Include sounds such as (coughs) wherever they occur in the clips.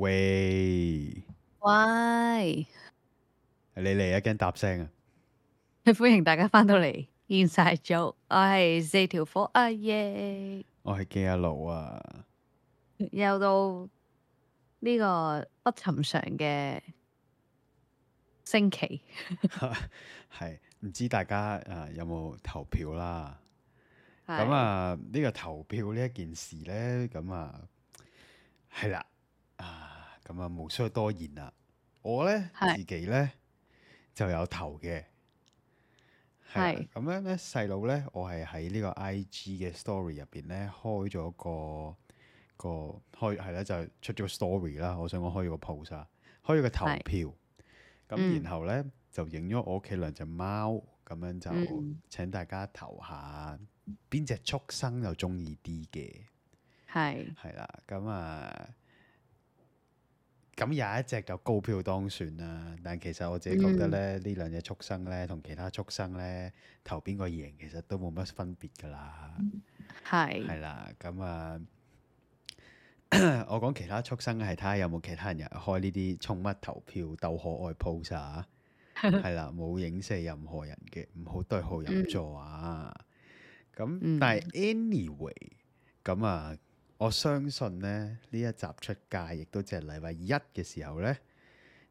喂，喂，你嚟一驚答聲啊！歡迎大家翻到嚟 inside joke 我係四條火，阿、啊、耶！我係記阿老啊，又到呢個不尋常嘅星期，係 (laughs) 唔 (laughs) 知大家啊、呃、有冇投票啦？咁是啊，呢、呢個投票呢一件事咧，咁啊係啦。啊，咁啊，無需多言啦。我咧是自己咧就有投嘅，係咁咧，細佬咧，我係喺呢個 I G 嘅 Story 入邊咧開咗個個開係啦，就出咗個 Story 啦。我想我開咗個 post 啊，開咗個投票。咁然後咧就影咗我屋企兩隻貓，咁樣就請大家投下邊隻畜生又中意啲嘅，係係啦，咁啊。嗯咁有一隻就高票當選啦，啊，但其實我自己覺得咧，呢兩隻畜生咧同其他畜生咧投邊個贏，其實都冇乜分別噶啦。係係啦，咁啊， (coughs) 我講其他畜生係睇下有冇其他人入開呢啲寵物投票鬥可愛 pose 啊，係啦， (laughs) 冇影射任何人嘅，唔好對號入座啊。咁、嗯嗯、但係 anyway，咁啊。我相信咧呢一集出街，亦都只係禮拜一嘅時候咧，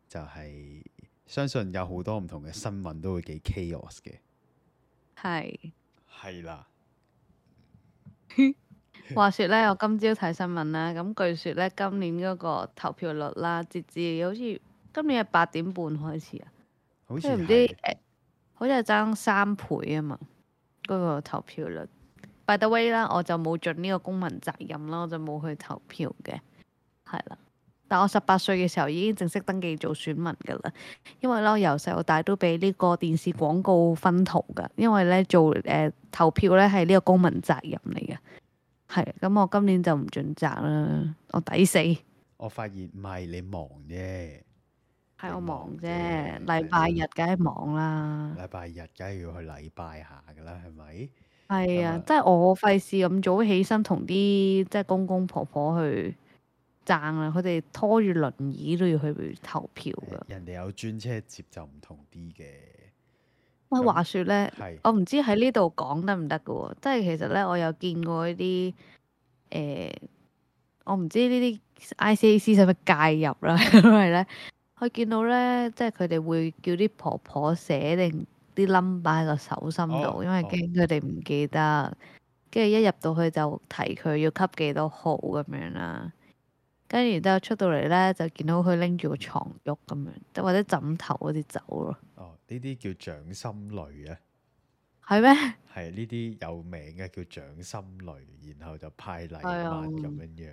就係、是、相信有好多唔同嘅新聞都會幾 chaos 嘅。係係是啦。 (laughs) 話說咧，我今朝睇新聞啦，咁據說咧今年嗰個投票率啦、啊，截至好似今年係八點半開始啊，即係唔知、欸，好似係爭三倍啊嘛，嗰、嗰個投票率。By the way 啦，我就冇盡呢個公民責任啦，我就冇去投票嘅，係啦。但我十八歲嘅時候已經正式登記做選民噶啦，因為咧由細到大都俾呢個電視廣告薰陶噶，因為咧做誒、呃、投票咧係呢個公民責任嚟嘅。係，咁、嗯、我今年就唔盡責啦，我抵死。我發現唔係你忙啫，係我忙啫。禮拜日梗係忙啦，禮拜日梗係要去禮拜下噶啦，係咪？係啊，嗯、即係我費事咁早起身同啲即係公公婆婆去爭啊。佢哋拖住輪椅都要去，去投票噶。人哋有專車接就唔同啲嘅。喂那，話說咧，是我唔知喺呢度講得唔得噶喎，即係其實咧，我有見過一啲，誒、呃，我唔知呢啲 ICAC 使乜介入啦，因為咧，佢見到咧，即係佢哋會叫啲婆婆寫定。啲冧巴喺個手心度，哦、因為驚佢哋唔記得，跟住、哦、一入到去就提佢要吸幾多號咁樣啦，跟住但係出到嚟呢，就見到佢拎住個床褥咁樣，或者枕頭嗰啲走咯。哦，呢啲叫掌心雷啊？係咩嗎？係呢啲有名嘅叫掌心雷，然後就派禮物咁樣樣。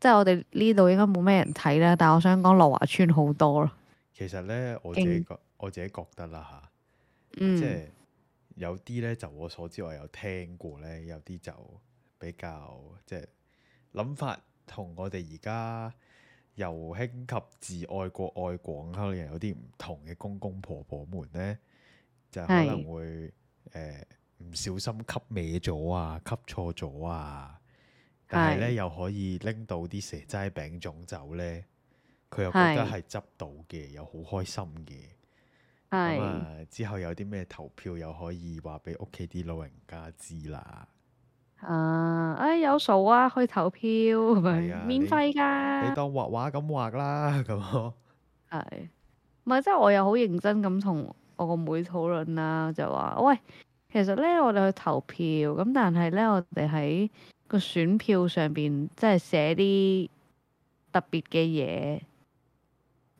即係我哋呢度應該冇咩人睇啦，但係我想講樂華村好多咯。其實呢，我自己我自己覺得啦嚇，即係有啲咧。就我所知，我有聽過咧。有啲就比較即係諗法，同我哋而家由興及至愛國愛廣後嘅人有啲唔同嘅公公婆婆們咧，就可能會誒唔是、呃、小心吸歪咗啊，吸錯咗啊。但係咧是又可以拎到啲蛇齋餅粽走咧，佢又覺得係執到嘅，是又好開心嘅。係、嗯嗯、之後有啲咩投票又可以話俾屋企啲老人家知啦。啊，哎有數啊，去投票，啊、免費噶，你當畫畫咁畫啦，咁咯。係，唔係即係我又好認真咁同我個妹討論啦，就話喂，其實咧我哋去投票，咁但係咧我哋喺個選票上邊即係寫啲特別嘅嘢，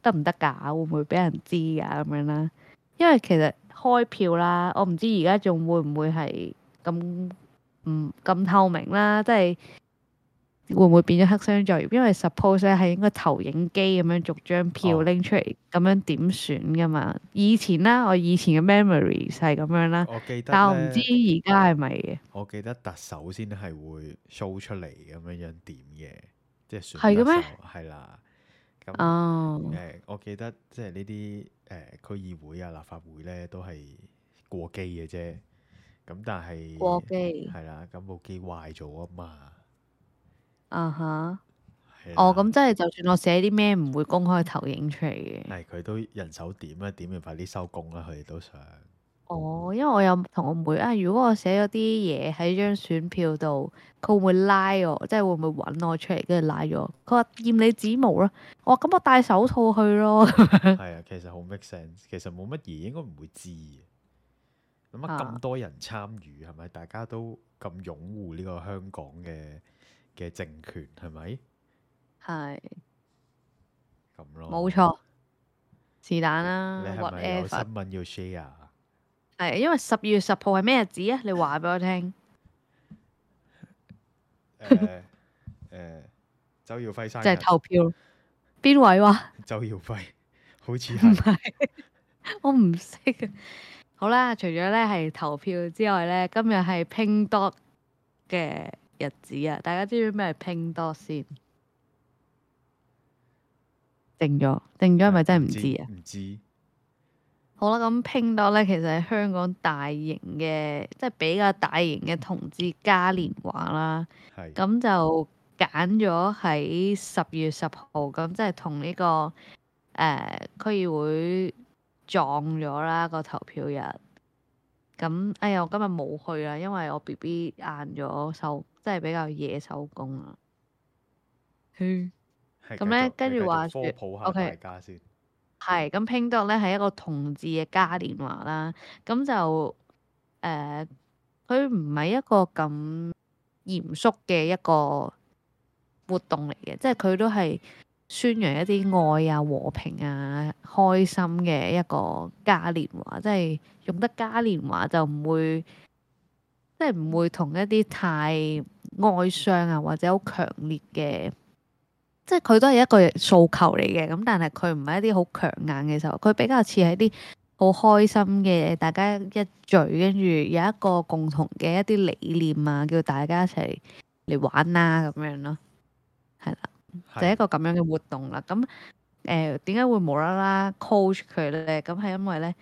得唔得㗎？會唔會俾人知㗎咁樣啦，因為其實開票啦，我唔知而家仲會唔會係咁唔咁透明啦，即係會唔會變咗黑箱作業？因為 suppose 咧係應該投影機咁樣逐張票拎出嚟，咁樣、哦、點選噶嘛。以前啦，我以前嘅 memory 係咁樣啦，我記得但我唔知而家係咪嘅。我記得特首先係會 show 出嚟咁樣樣點嘅，即係選特首，係咩？係啦。哦，誒那、oh. 呃，我記得即係呢啲誒區議會啊、立法會咧，都係過機嘅啫。咁但係過機係啦，咁部機壞咗啊嘛。啊吓、uh！哦、huh. 的，咁即係就算我寫啲咩唔會公開投影出嚟嘅，係佢都人手點啊？點就快啲收工啦！佢哋都想。哦，因為我有同我妹啊，如果我寫咗啲嘢喺張選票度，佢會唔會拉我？即係會唔會揾我出嚟，跟住拉咗？佢話厭你指模啦，我話咁我戴手套去咯。係啊，其實好 make sense，其實冇乜嘢，應該唔會知嘅。咁啊，咁多人參與係咪？大家都咁擁護呢個香港嘅嘅政權係咪？係。咁咯，冇錯。是但啦。你係咪有新聞要 share？係，因為十二月十號係咩日子啊？你話俾我聽。誒誒，周耀輝生日。即係投票，邊位哇，啊？周耀輝好似係。不是 (laughs) 我唔識、啊。 (laughs) 好啦，除咗咧係投票之外咧，今日係 pink dot 嘅日子啊！大家知唔知咩係 pink dot 先？定咗，定咗係咪真係唔知啊？唔知。好啦，咁 Pink Dot 咧，其實係香港大型嘅，即係比較大型嘅同志嘉年華啦。係的。咁就揀咗喺十月十號，咁即係同呢個誒、呃、區議會撞咗啦個投票日。咁哎呀，我今日冇去啦，因為我 B B 晏咗收，即係比較夜收工啦。哼、嗯。咁咧的，跟住續話，科普下大家先。Okay. 係，咁 pink dot 呢係一個同志嘅嘉年華啦，咁就誒，佢唔係一個咁嚴肅嘅一個活動嚟嘅，即係佢都係宣揚一啲愛啊、和平啊、開心嘅一個嘉年華，即係用得嘉年華就唔會，即係唔會同一啲太哀傷啊或者好強烈嘅。即係佢都係一個訴求嚟嘅，咁但係佢唔係一啲好強硬嘅時候，佢比較似係一啲好開心嘅，大家一聚，跟住有一個共同嘅一啲理念啊，叫大家一齊嚟玩啦、啊、咁樣咯，係啦，就係、一個咁樣嘅活動啦。咁誒點解會無啦啦 call 出佢咧？咁係因為咧，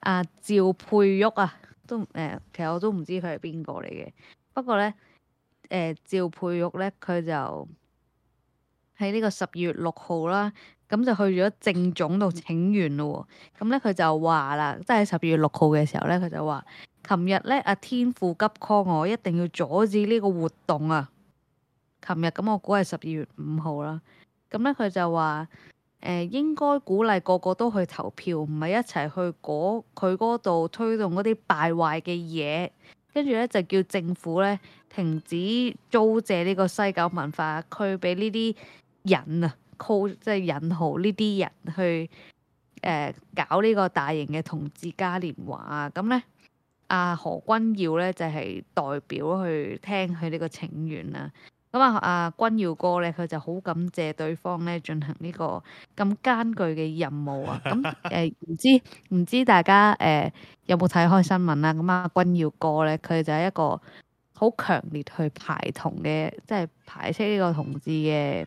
阿、啊、趙佩玉啊，都誒、呃，其實我都唔知佢係邊個嚟嘅。不過咧，誒、呃、趙佩玉咧，佢就。喺呢個十二月六號啦，咁就去咗政總度請願啦喎，咁咧佢就話啦，即係十二月六號嘅時候咧，佢就話，琴日咧阿天父急 call 我，一定要阻止呢個活動啊！琴日咁我估係十二月五號啦，咁咧佢就話，誒、呃、應該鼓勵個個都去投票，唔係一齊去嗰佢嗰度推動嗰啲敗壞嘅嘢，跟住咧就叫政府咧停止租借呢個西九文化區俾呢啲。引啊即係引號呢啲人去誒、呃、搞呢個大型嘅同志嘉年華啊！咁呢，阿何君耀呢就係、是、代表去聽佢呢個請願啦。咁啊，阿、啊、君耀哥呢，佢就好感謝對方呢進行呢個咁艱巨嘅任務啊。咁、嗯、誒，唔、呃、知唔知大家誒、呃、有冇睇開新聞啦、啊？咁、啊、阿君耀哥呢，佢就係一個好強烈去排同嘅，即、就、係、是、排斥呢個同志嘅。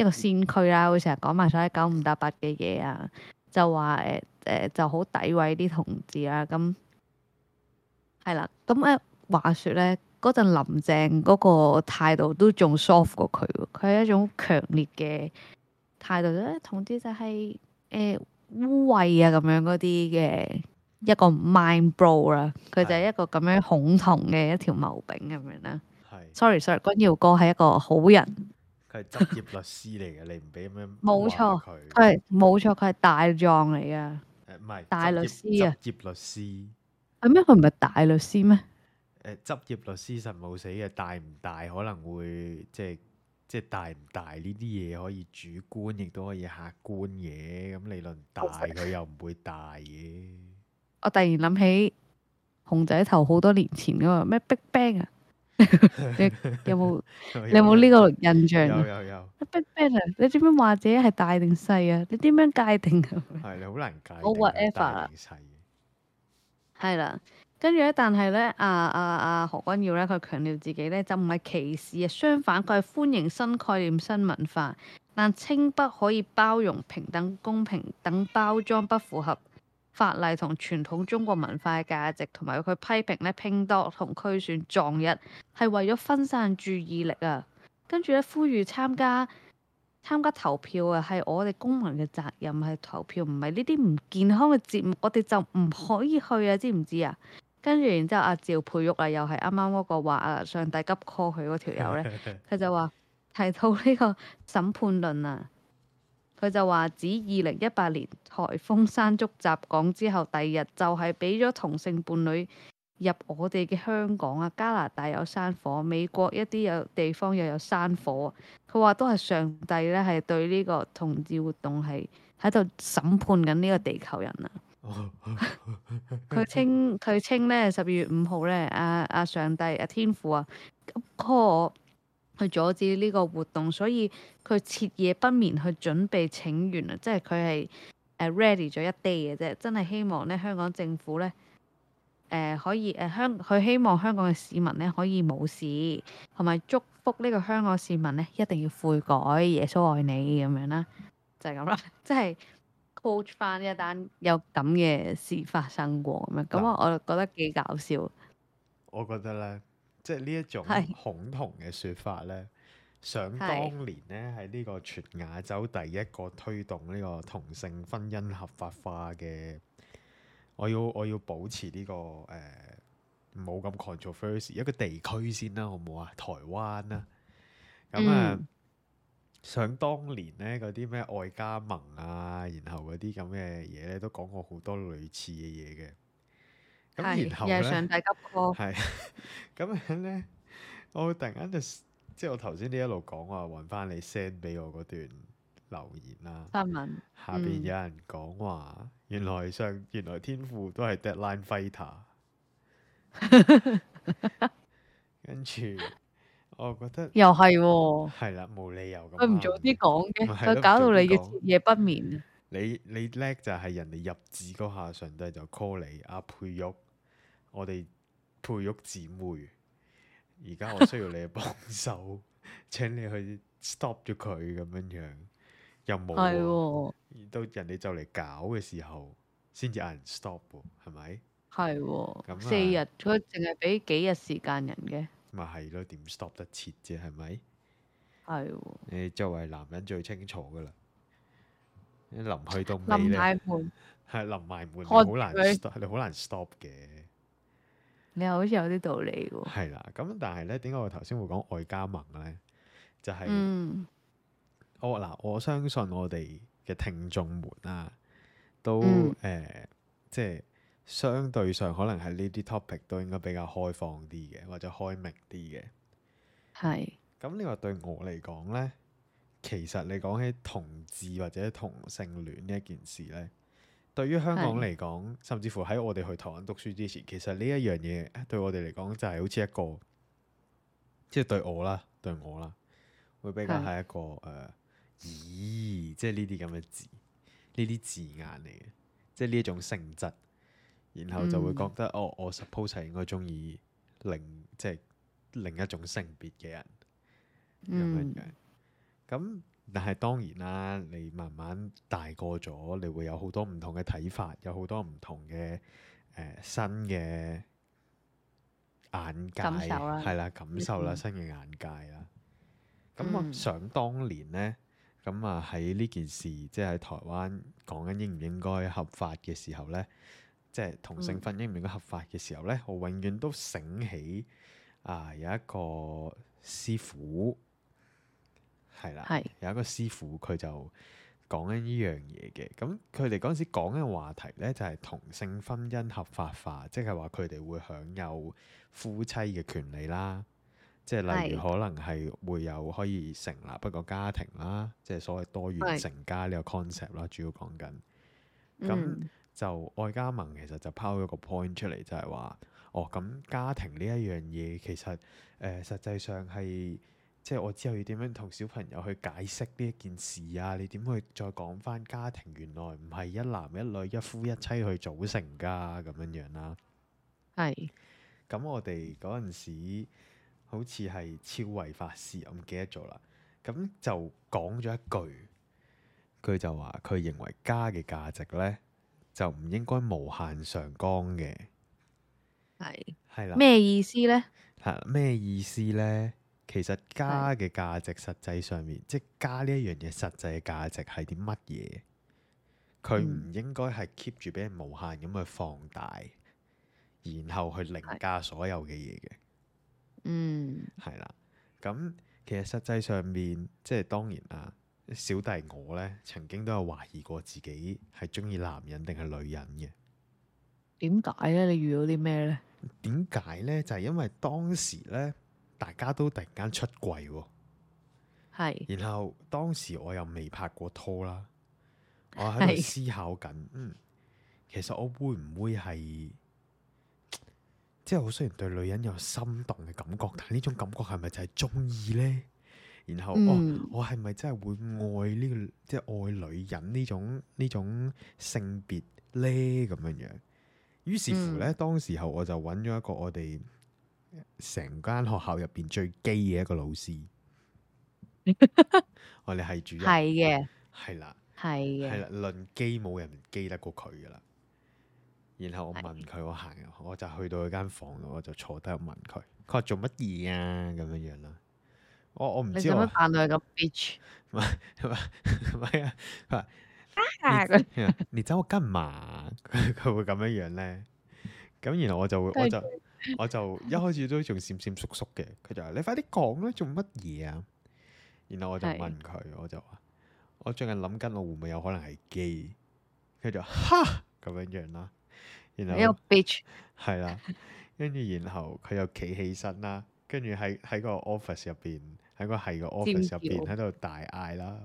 一個先驅啦，會成日講埋所有九唔搭八嘅嘢啊，就話，誒誒就好詆毀啲同志、嗯、啦。咁係啦，咁啊話說咧，嗰陣林鄭嗰個態度都仲 soft 過佢，佢係一種強烈嘅態度，誒，同志就係、是、誒、呃、污穢啊，咁樣嗰啲嘅一個 mind blow 啦，佢就係一個咁樣恐同嘅一條毛病咁樣啦。係是，sorry sorry，君堯哥係一個好人。佢係執業律師嚟嘅，你唔俾咁樣摸佢，係冇錯，佢係大狀嚟噶。誒，唔係大律師啊，執業律師。係咩？佢唔係大律師咩？誒，執業律師實冇死嘅，大唔大可能會即係即係大唔大，呢啲嘢，可以主觀亦都可以客觀嘅，咁理論大佢又唔會大嘅。我突然諗起熊仔頭好多年前嗰個咩 Big Bang 啊！有冇？ (laughs) 你有冇呢 (laughs) 人個印象？有有有。Big brother，你點者係大定細 (laughs) (laughs) 啊？你點樣界定係你好難界定。好 whatever 啦。係啦，跟住咧，但係咧，阿阿阿何君耀咧，佢強調自己咧就唔係歧視啊，相反佢係歡迎新概念、新文化，但清不可以包容平等、公平等包裝不符合。法例同傳統中國文化嘅價值，同埋佢批評咧，pink dot 同區選撞日係為咗分散注意力啊。跟住咧，呼籲參加參加投票啊，係我哋公民嘅責任，係投票，唔係呢啲唔健康嘅節目，我哋就唔可以去啊，知唔知啊？跟住然之後，阿趙佩玉啊，又係啱啱嗰個話啊，上帝急 call 佢嗰條友咧，佢 Okay, okay. 就話提到呢個審判論啊。佢就話：指二零一八年颱風山竹襲港之後，第二日就係俾咗同性伴侶入我哋嘅香港啊！加拿大有山火，美國一啲有地方又有山火。佢話都係上帝咧，係對呢個同志活動係喺度審判緊呢個地球人啊！佢 (laughs) 稱佢稱咧十二月五號咧，阿、啊、阿、啊、上帝阿、啊、天父啊，call 我。去阻止呢個活動，所以佢徹夜不眠去準備請願啊！即係佢係誒 ready 咗一 day 嘅啫，真係希望咧香港政府咧誒、呃、可以誒香佢希望香港嘅市民咧可以冇事，同埋祝福呢個香港市民咧一定要悔改，耶穌愛你咁樣啦，就係咁啦，即係 coach 翻呢一單有咁嘅事發生過咁樣，咁我我就覺得幾搞笑。我覺得咧。即係呢一種恐同嘅説法咧，係想當年咧，喺呢個全亞洲第一個推動呢個同性婚姻合法化嘅，我要我要保持呢個，呃唔好咁 controversy 一個地區先啦，好唔好啊？台灣啦，咁啊，啊嗯、想當年咧，嗰啲咩愛家盟啊，然後嗰啲咁嘅嘢咧，都講過好多類似嘅嘢嘅。係，又上帝急 call。係，咁樣咧，我會突然間就，即係我頭先呢一路講話，搵翻你 send 俾我嗰段留言啦。嗯、下邊有人講話，原來上原來天父都係 deadline fighter。 (laughs) 跟住，我覺得又係、哦，係、嗯、啦，冇理由咁。佢唔早啲講嘅，佢搞到你嘅夜不眠，你你叻就係人哋入紙嗰下，上帝就 call 你阿佩玉。我哋佩玉姊妹，而家我需要你嘅幫手， (laughs) 請你去 stop 咗佢咁樣樣，又冇到、哦、人哋就嚟搞嘅時候，先至嗌人 stop 喎，係咪？係咁、哦啊、四日，佢淨係俾幾日時間人嘅，咪係咯？點 stop 得切啫？係咪？係、哦，你作為男人最清楚噶啦，臨去、哦、到臨埋門，係臨埋門好難 stop，你好難 stop 嘅。你好似有啲道理喎、哦。係啦，咁但係咧，點解我頭先會講愛加盟咧？就係、是，嗯、我嗱、呃，我相信我哋嘅聽眾們啦、啊，都誒，即係、嗯呃就是、相對上可能係呢啲 topic 都應該比較開放啲嘅，或者開明啲嘅。係、嗯。咁你話對我嚟講咧，其實你講起同志或者同性戀呢一件事咧？對於香港嚟講，甚至乎喺我哋去台灣讀書之前，其實呢一樣嘢對我哋嚟講就係好似一個，即、就、係、是、對我啦，對我啦，會比較係一個誒是、呃，咦，即係呢啲咁嘅字，呢啲字眼嚟嘅，即係呢一種性質，然後就會覺得、嗯、哦，我 suppose 係應該鍾意另即係另一種性別嘅人咁樣樣，咁。嗯。但係當然啦，你慢慢大過咗，你會有好多唔同嘅睇法，有好多唔同嘅誒、呃、新嘅眼界，係、啊、啦，感受啦，嗯、新嘅眼界啦。咁我、嗯、想當年咧，咁啊喺呢件事，即係喺台灣講緊應唔應該合法嘅時候咧，即係同性婚姻應唔應該合法嘅時候咧，嗯、我永遠都醒起啊有一個師傅。係啦，有一個師傅佢就講緊呢樣嘢嘅，咁佢哋嗰陣時講嘅話題呢，就係、是、同性婚姻合法化，即係話佢哋會享有夫妻嘅權利啦，即係例如可能係會有可以成立一個家庭啦，是即係所謂多元成家呢個 concept 啦，主要講緊。咁就愛家盟其實就拋咗個 point 出嚟，就係、是、話，哦咁家庭呢一樣嘢其實誒、呃、實際上係。即係我之後要點樣同小朋友去解釋呢一件事啊？你點去再講翻家庭原來唔係一男一女一夫一妻去組成㗎？咁、啊、樣樣、啊、啦？係是。咁我哋嗰陣時好似係超違法事我唔記得咗啦。咁就講咗一句，佢就話佢認為家嘅價值咧，就唔應該無限上綱嘅。係係是啦。咩意思咧？係咩、啊、意思咧？其實家嘅價值實際上面，是即係家呢一樣嘢實際嘅價值係啲乜嘢？佢唔應該係 keep 住俾人無限咁去放大，是然後去凌駕所有嘅嘢嘅。嗯，係啦。咁其實實際上面，即係當然啊，小弟我呢曾經都有懷疑過自己係中意男人定係女人嘅。點解呢？你遇到啲咩呢？點解呢？就係、是、因為當時呢。大家都突然間出櫃，係是，然後當時我又未拍過拖啦，我喺度思考緊是、嗯，其實我會唔會係，即係我雖然對女人有心動嘅感覺，但呢種感覺係咪就係中意呢？然後、嗯哦、我係咪真係會愛呢個即係愛女人呢種呢種性別呢？咁樣樣，於是乎呢，嗯、當時候我就揾咗一個我哋。成間學校入邊最基嘅一個老師，我哋係主任，係嘅，係啦，係嘅，係啦，論基冇人基得過佢噶啦。然後我問佢，我行，我就去到佢間房度，我就坐低問佢，佢話做乜嘢啊？咁樣樣啦，我我唔知，你做乜到佢咁 bitch？唔係唔係唔係啊？你走我跟嘛？佢會咁樣樣咧？咁然後我就會，我就。 (laughs) 我就一開始都仲閃閃縮縮嘅，佢就話：你快啲講啦，做乜嘢啊？然後我就問佢，是我就話：我最近諗緊我會唔會有可能係 gay 佢就哈，咁樣樣啦。然後，你係啦，跟住然後佢又企起身啦，跟住喺喺個 office 入邊，喺個係個 office 入邊喺度大嗌啦。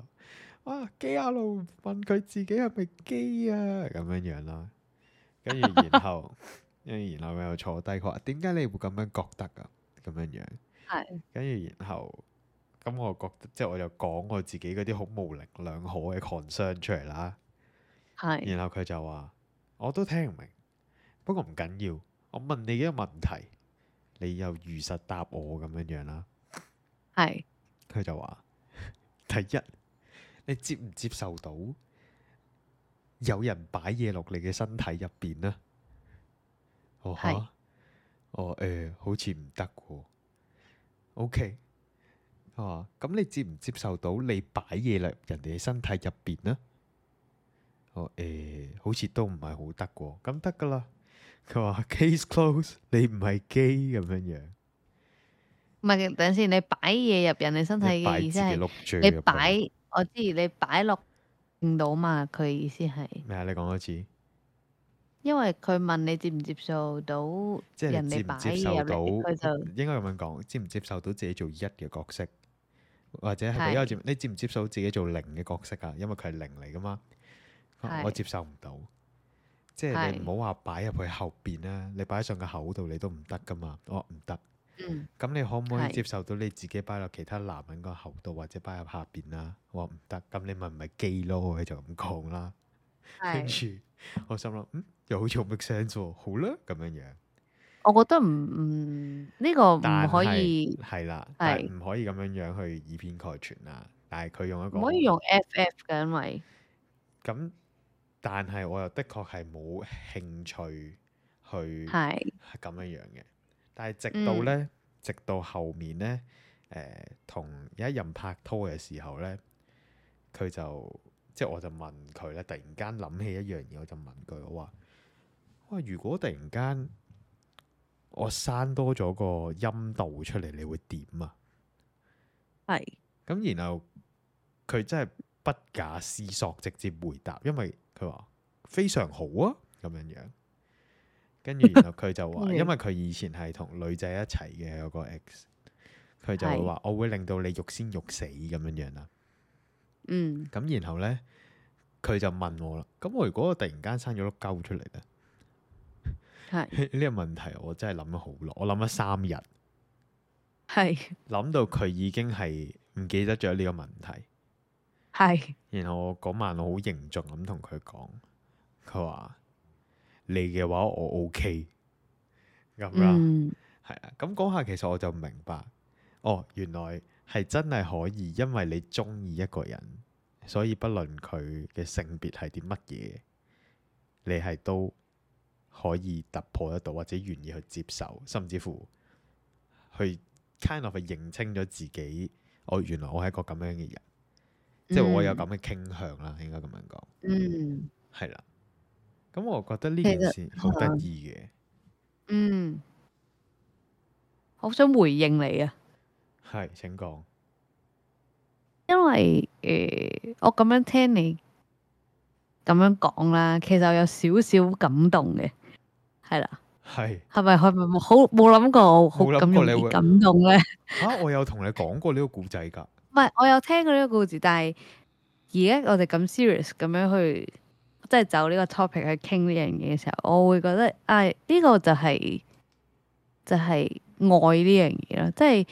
哇叫，基、啊、啊路問佢自己係咪 gay 啊？咁樣樣啦，跟住然後。然後 (laughs) 跟住，然後佢又坐低，佢話：點解你會咁樣覺得啊？咁樣樣。係是。跟住，然後咁、嗯，我覺得，即係我又講我自己嗰啲好模棱兩可嘅 concern 出嚟啦。係是。然後佢就話：我都聽唔明，不過唔緊要。我問你一個問題，你又如實答我咁樣樣啦。係是。佢就話：第一，你接唔接受到有人擺嘢落你嘅身體入邊呢？哦吓，哦誒，好似唔得嘅，OK，係嘛？咁你接唔接受到你擺嘢入人哋嘅身體入邊呢？哦誒，好似都唔係好得嘅，咁得噶啦。佢話 case close，你唔係 gay 咁樣樣，唔係等陣先。你擺嘢入人哋身體嘅意思係錄住，你擺我知，你擺落唔到嘛？佢意思係咩啊？你講多次。因為佢問你接唔接，接，接受到，即係接唔接受到，佢 (noise) 就應該咁樣講，接唔接受到自己做一嘅角色，或者係咪因接，是你接唔接受到自己做零嘅角色啊？因為佢係零嚟噶嘛，我接受唔到，即係你唔好話擺入去後邊啦，你擺上個口度你都唔得噶嘛，我話唔得。嗯，咁你可唔可以接受到你自己擺落其他男人個口度，或者擺入下邊啦？我話唔得，咁你咪唔係基囉，佢就咁講啦。 (noise) (noise) 跟住，是我心諗，嗯，又好似好 make sense 喎，好啦，咁樣樣。我覺得唔唔，呢、這個唔可以係啦，係唔是的可以咁樣樣去以偏概全啊。但係佢用一個唔可以用 FF 嘅，因為咁，但係我又的確係冇興趣去係咁樣樣嘅。的但係直到咧，嗯、直到後面咧，誒、呃，同有一任拍拖嘅時候咧，佢就。即係我就問佢咧，突然間諗起一樣嘢，我就問佢：我話喂，如果突然間我生多咗個陰道出嚟，你會點啊？係咁是，然後佢真係不假思索直接回答，因為佢話非常好啊，咁樣樣。跟住然後佢就話， (laughs) 嗯、因為佢以前係同女仔一齊嘅有個 ex 佢就會話是我會令到你欲仙欲死咁樣樣啦。嗯，咁然後咧，佢就問我啦。咁我如果突然間生咗粒鳩出嚟咧，係呢個問題，我真係諗咗好耐，我諗咗三日，係諗到佢已經係唔記得咗呢個問題，係。然後我嗰晚我好凝重咁同佢講，佢話你嘅話我 OK 咁啦，係啊。咁講下其實我就明白，哦，原來。係真係可以，因為你中意一個人，所以不論佢嘅性別係啲乜嘢，你係都可以突破得到，或者願意去接受，甚至乎去 kind of 去認清咗自己，我原來我係一個咁樣嘅人，嗯、即係我有咁嘅傾向啦，應該咁樣講。嗯，係啦，咁我覺得呢件事好得意嘅。嗯，我想回應你啊。係，請講。因為誒、呃，我咁樣聽你咁樣講啦，其實我有少少感動嘅，係啦。係係咪係咪好冇諗過好咁容易感動咧？吓、啊，我有同你講過呢個故仔噶。唔係， (laughs) 我有聽過呢個故事，但係而家我哋咁 serious 咁樣去，即係走呢個 topic 去傾呢樣嘢嘅時候，我會覺得啊，呢個就係就係愛呢樣嘢咯，即係。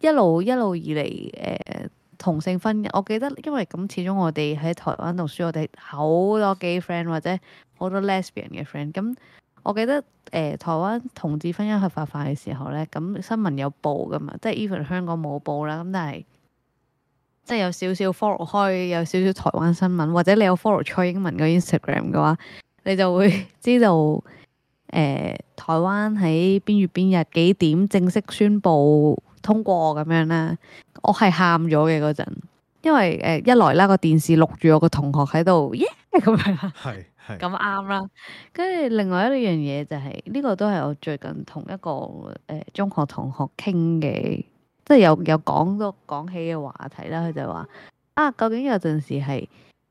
一路一路以嚟，誒、呃、同性婚姻。我記得，因為咁始終我哋喺台灣讀書，我哋好多 gay friend 或者好多 lesbian 嘅 friend、嗯。咁我記得誒、呃、台灣同志婚姻合法化嘅時候咧，咁、嗯、新聞有報㗎嘛，即係 even 香港冇報啦。咁、嗯、但係即係有少少 follow 開有少少台灣新聞，或者你有 follow 蔡英文嘅 Instagram 嘅話，你就會知道誒、呃、台灣喺邊月邊日幾點正式宣布。通過咁樣咧，我係喊咗嘅嗰陣，因為誒、呃、一來啦、個電視錄住我個同學喺度耶咁樣啦，係係咁啱啦。跟住另外一樣嘢就係呢個都係我最近同一個誒、呃、中學同學傾嘅，即係有有講到講起嘅話題啦。佢就話啊，究竟有陣時係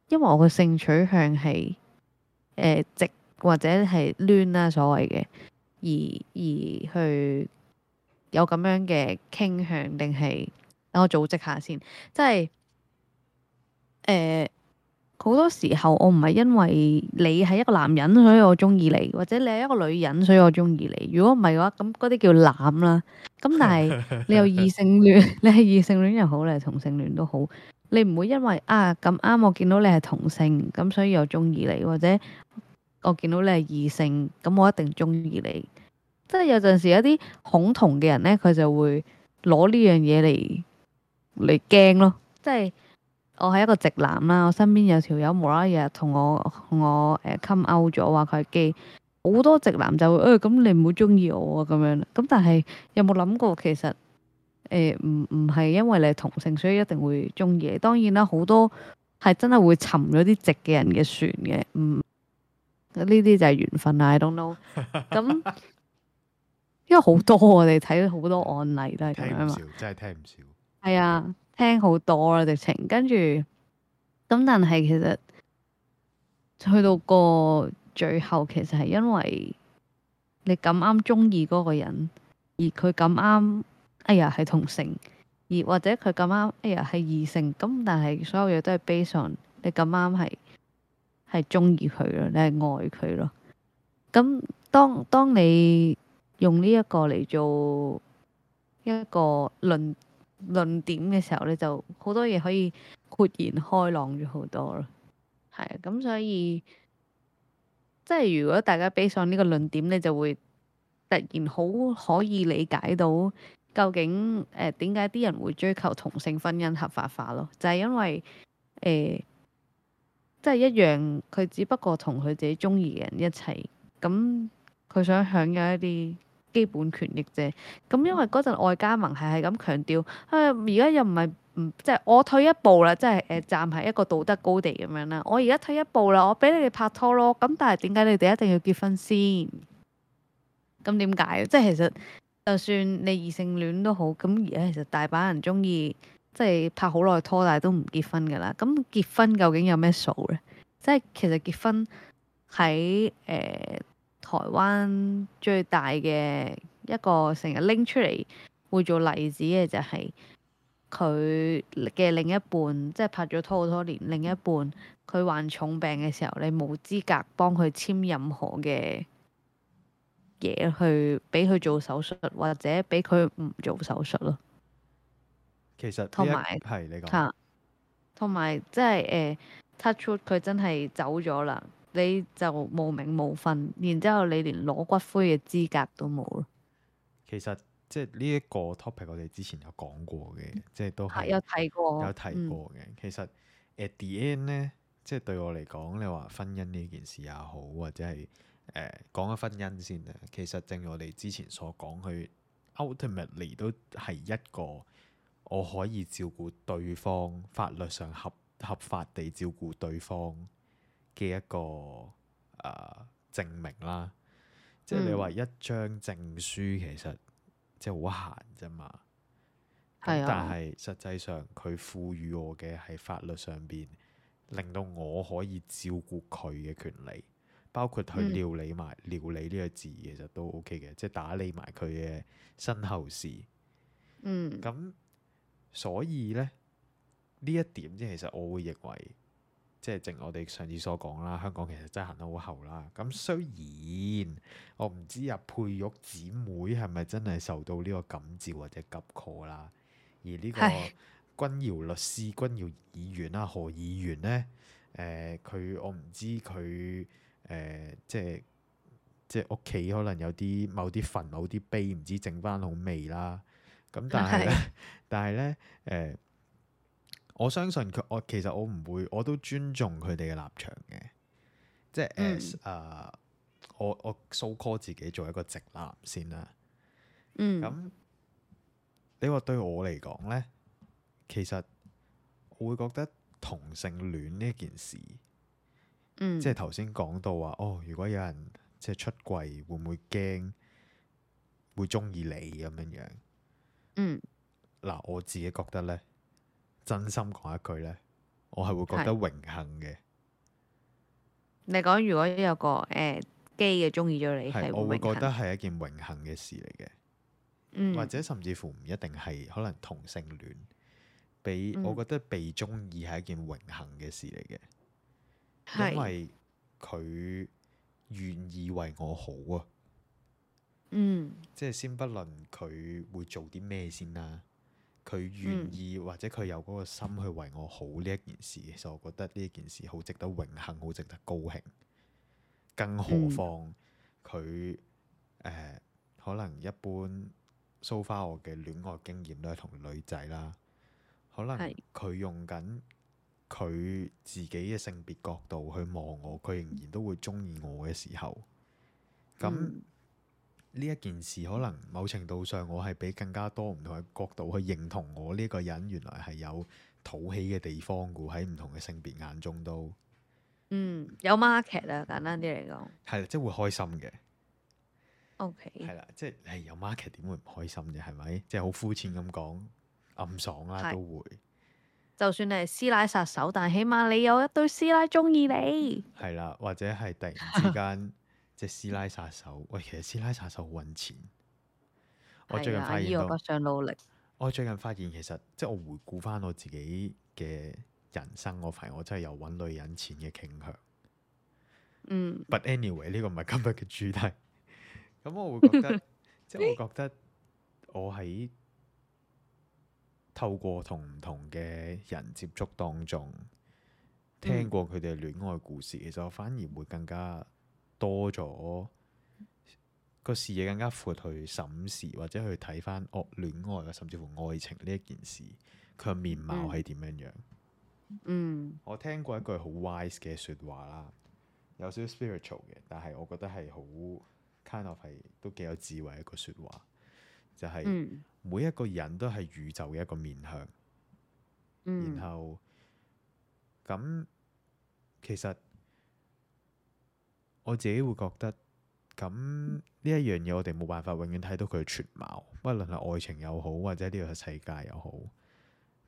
因為我嘅性取向係誒、呃、直或者係攣啦所謂嘅，而而去。有咁樣嘅傾向，定係等我組織下先。即係誒，好多時候我唔係因為你係一個男人，所以我中意你，或者你係一個女人，所以我中意你。如果唔係嘅話，咁嗰啲叫濫啦。咁但係你有異性戀， (laughs) 你係異性戀又好，你係同性戀都好，你唔會因為啊咁啱我見到你係同性，咁所以又中意你，或者我見到你係異性，咁我一定中意你。即係有陣時有啲恐同嘅人咧，佢就會攞呢樣嘢嚟嚟驚咯。即係我係一個直男啦，我身邊有條友無啦啦日同我同我誒勾勾咗，話佢係基。好多直男就會誒，咁你唔好中意我啊咁樣。咁但係有冇諗過其實誒唔唔係因為你係同性所以一定會中意？當然啦，好多係真係會沉咗啲直嘅人嘅船嘅。嗯，呢啲就係緣分啦。I don't know。咁。因為好多我哋睇好多案例都係咁樣啊，真係聽唔少。係啊，聽好多啦、啊，直情。跟住咁，但係其實去到個最後，其實係因為你咁啱中意嗰個人，而佢咁啱哎呀係同性，而或者佢咁啱哎呀係異性。咁但係所有嘢都係 based on，你咁啱係係中意佢咯，你係愛佢咯。咁當當你用呢一個嚟做一個論論點嘅時候咧，就好多嘢可以豁然開朗咗好多咯。係咁所以即係如果大家比上呢個論點咧，你就會突然好可以理解到究竟誒點解啲人會追求同性婚姻合法化咯。就係、是、因為誒、呃、即係一樣，佢只不過同佢自己鍾意嘅人一齊，咁佢想享有一啲基本權益啫，咁因為嗰陣外加盟係係咁強調，啊而家又唔係唔即係我退一步啦，即係誒站喺一個道德高地咁樣啦，我而家退一步啦，我俾你哋拍拖咯，咁但係點解你哋一定要結婚先？咁點解？即係其實就算你異性戀都好，咁而家其實大把人中意即係拍好耐拖，但係都唔結婚噶啦。咁結婚究竟有咩數咧？即係其實結婚喺誒。呃台灣最大嘅一個成日拎出嚟會做例子嘅就係佢嘅另一半，即係拍咗拖好多年，另一半佢患重病嘅時候，你冇資格幫佢簽任何嘅嘢去俾佢做手術，或者俾佢唔做手術咯。其實，同埋有，係你講，同埋即係誒 touch wood，佢真係走咗啦。你就無名無份，然之後你連攞骨灰嘅資格都冇咯。其實即係呢一個 topic，我哋之前有講過嘅，即係都係、啊、有提過，嗯、有提過嘅。其實 at the end 呢，即係對我嚟講，你話婚姻呢件事也好，或者係誒講緊婚姻先啊。其實正如我哋之前所講，佢 ultimately 都係一個我可以照顧對方，法律上合合法地照顧對方。嘅一個誒、呃、證明啦，即係你話一張證書其實、嗯、即係好閒啫嘛。嗯、但係實際上佢賦予我嘅喺法律上邊，令到我可以照顧佢嘅權利，包括去料理埋、嗯、料理呢個字，其實都 OK 嘅，即係打理埋佢嘅身後事。嗯，咁所以呢，呢一點即係其實我會認為。即係正如我哋上次所講啦，香港其實真係行得好後啦。咁雖然我唔知啊，佩玉姊妹係咪真係受到呢個感召或者急 call 啦，而呢個君堯律師、君堯議員啦、何議員咧，誒、呃、佢我唔知佢誒、呃、即係即係屋企可能有啲某啲墳某啲碑唔知整翻好未啦。咁但係 (laughs) 但係咧誒。呃我相信佢，我其實我唔會，我都尊重佢哋嘅立場嘅，即係誒、嗯 uh，我我、so、蘇 call 自己做一個直男先啦。嗯。咁你話對我嚟講呢，其實我會覺得同性戀呢件事，嗯、即係頭先講到話，哦，如果有人即係出櫃，會唔會驚，會中意你咁樣樣？嗱，我自己覺得呢。真心講一句呢，我係會覺得榮幸嘅。你講如果有個誒基嘅鍾意咗你，係我會覺得係一件榮幸嘅事嚟嘅。嗯、或者甚至乎唔一定係可能同性戀，被、嗯、我覺得被鍾意係一件榮幸嘅事嚟嘅，因為佢願意為我好啊。嗯、即係先不論佢會做啲咩先啦。佢願意或者佢有嗰個心去為我好呢一件事，所以我覺得呢一件事好值得榮幸，好值得高興。更何況佢、嗯呃、可能一般 so far 我嘅戀愛經驗都係同女仔啦，可能佢用緊佢自己嘅性別角度去望我，佢仍然都會中意我嘅時候，咁。嗯呢一件事可能某程度上，我係俾更加多唔同嘅角度去認同我呢個人，原來係有討喜嘅地方嘅喎，喺唔同嘅性別眼中都，嗯，有 market 啦！簡單啲嚟講，係啦，即係會開心嘅。O K，係啦，即係你有 market 點會唔開心嘅？係咪？即係好膚淺咁講，暗爽啦的都會。就算你係師奶殺手，但係起碼你有一堆師奶中意你。係啦，或者係突然之間。 (laughs) 即係師奶殺手，喂，其實師奶殺手好揾錢。我最近發現，我唔想努力。我最近發現，其實即係我回顧翻我自己嘅人生，我發現我真係有揾女人錢嘅傾向。嗯。But anyway，呢個唔係今日嘅主題。咁、 (laughs) 嗯、 (laughs) 我會覺得， (laughs) 即係我覺得我喺透過同唔同嘅人接觸當中，聽過佢哋戀愛故事，嗯、其實我反而會更加。多咗個視野，更加闊去審視或者去睇翻惡戀愛啊，甚至乎愛情呢一件事，佢嘅面貌係點樣樣？嗯，我聽過一句好 wise 嘅説話啦，有少少 spiritual 嘅，但係我覺得係好 kind of 係都幾有智慧一個説話，就係、是、每一個人都係宇宙嘅一個面向。嗯、然後咁其實。我自己會覺得咁呢一樣嘢，樣我哋冇辦法永遠睇到佢全貌，無論係愛情又好，或者呢個世界又好。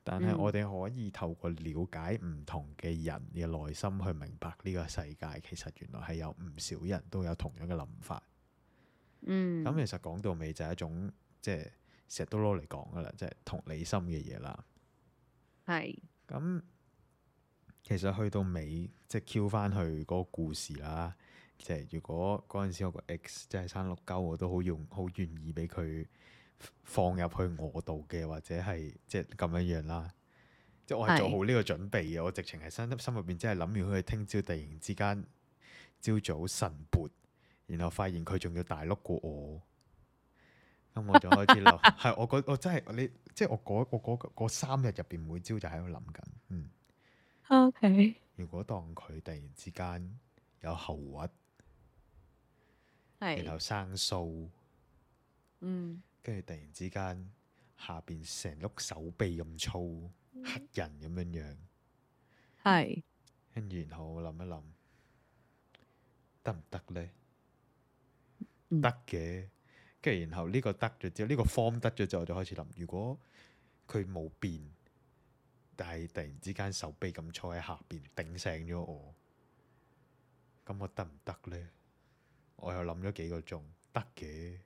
但係我哋可以透過了解唔同嘅人嘅內心，去明白呢個世界其實原來係有唔少人都有同樣嘅諗法。嗯。咁其實講到尾就係一種即係成日都攞嚟講㗎啦，即係同理心嘅嘢啦。係是。咁其實去到尾即係 Q 翻去嗰個故事啦。即係如果嗰陣時我個 X 即係生六鳩，我都好用好願意俾佢放入去我度嘅，或者係即係咁樣樣啦。即係我係做好呢個準備嘅，是我直情係心心入邊真係諗住佢聽朝突然之間朝早晨勃，然後發現佢仲要大碌過我，咁 (laughs) 我就開始諗。係 (laughs) 我我，我真係你即係我嗰我，我，我，我，我三日入邊每朝就喺度諗緊。嗯。O K。如果當佢突然之間有後遺？然後生數，跟住、嗯、突然之間下邊成碌手臂咁粗，嗯、黑人咁樣樣，係跟、嗯、然後我諗一諗得唔得咧？得嘅，跟住然後呢個得咗之後，呢、呢個方得咗之後，我就開始諗，如果佢冇變，但係突然之間手臂咁粗喺下邊頂醒咗我，咁我得唔得咧？我又諗咗幾個鐘，得嘅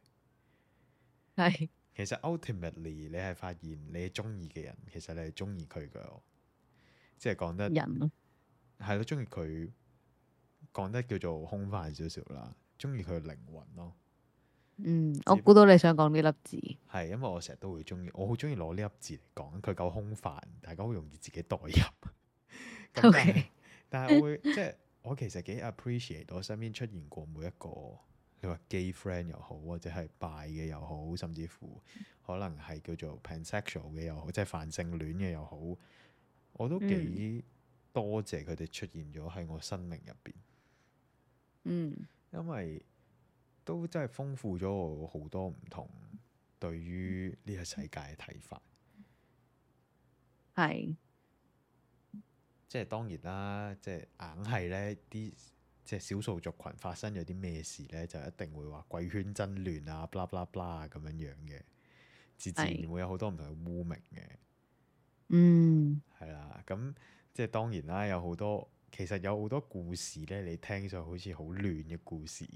係。是其實 ultimately 你係發現你中意嘅人，其實你係中意佢嘅，即係講得人咯，係咯，中意佢講得叫做空泛少少啦，中意佢嘅靈魂咯。嗯，我估到你想講呢粒字，係因為我成日都會中意，我好中意攞呢粒字嚟講，佢夠空泛，大家好容易自己代入。 (laughs) 嗯、o Okay . K，但係我會即係。 (laughs) 我其實幾 appreciate 我身邊出現過每一個，你話 gay friend 又好，或者係 bi 嘅又好，甚至乎可能係叫做 pansexual 嘅又好，即係泛性戀嘅又好，我都幾多謝佢哋出現咗喺我生命入邊。嗯，因為都真係豐富咗我好多唔同對於呢個世界嘅睇法。係、嗯。嗯。即係當然啦，即係硬係咧啲即係少數族群發生咗啲咩事咧，就一定會話貴圈真亂啊，bla、ah、bla bla 咁樣樣嘅，自自然會有好多唔同嘅污名嘅。嗯，係、嗯、啦，咁即係當然啦，有好多其實有好多故事咧，你聽上去好似好亂嘅故事，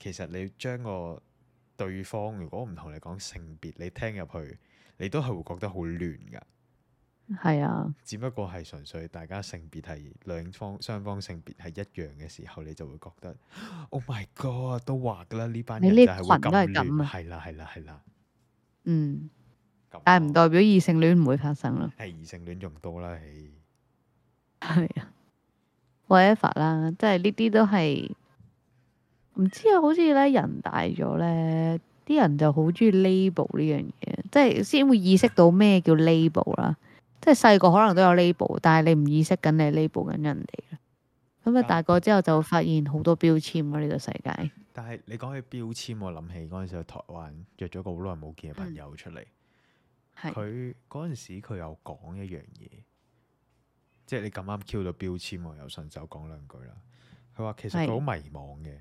其實你將個對方如果唔同你講性別，你聽入去，你都係會覺得好亂噶。係啊，只不過係純粹大家性別係兩方雙方性別係一樣嘅時候，你就會覺得 Oh my God，都話噶啦，呢班人就係會咁亂。啊」係啦係啦係啦，啊、嗯，啊、但係唔代表異性戀唔會發生咯，係異性戀仲多啦，係、hey、係啊 whatever 啦，即係呢啲都係唔知啊，好似咧人大咗咧，啲人就好中意 label 呢樣嘢，即係先會意識到咩叫 label 啦。 (laughs) 即係細個可能都有 label，但係你唔意識緊你係 label 緊人哋。咁啊、嗯、大個之後就會發現好多標籤咯、啊，呢、呢個世界。但係你講起標籤，我諗起嗰陣時喺台灣約咗個好耐冇見嘅朋友出嚟。佢嗰陣時佢有講一樣嘢，是即係你咁啱 cue 到標籤，我又順手講兩句啦。佢話其實佢好迷茫嘅，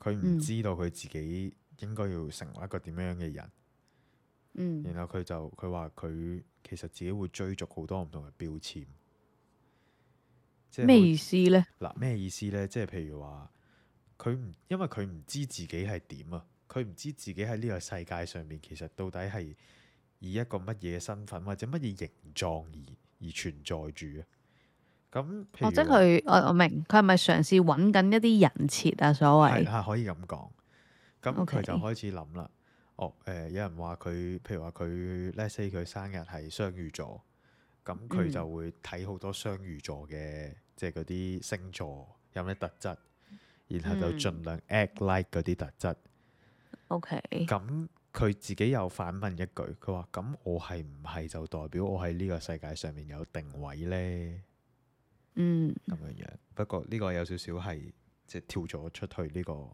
佢唔的知道佢自己應該要成為一個點樣嘅人。然後佢就佢話佢其實自己會追逐好多唔同嘅標籤，即係咩意思咧？嗱，咩意思咧？即係譬如話，佢唔因為佢唔知自己係點啊，佢唔知自己喺呢個世界上面其實到底係以一個乜嘢身份或者乜嘢形狀而而存在住啊？咁、嗯，或者佢我我明佢係咪嘗試揾緊一啲人設啊？所謂係係可以咁講，咁、嗯、佢 Okay. 就開始諗啦。哦、呃，有人話佢，譬如話佢，Let’s say 佢生日係雙魚座，咁佢就會睇好多雙魚座嘅，嗯、即係嗰啲星座有咩特質，然後就盡量 act like 嗰啲特質。OK 咁佢自己又反問一句，佢話：咁我係唔係就代表我喺呢個世界上面有定位呢？嗯，咁樣樣。不過呢個有少少係即係跳咗出去呢、這個。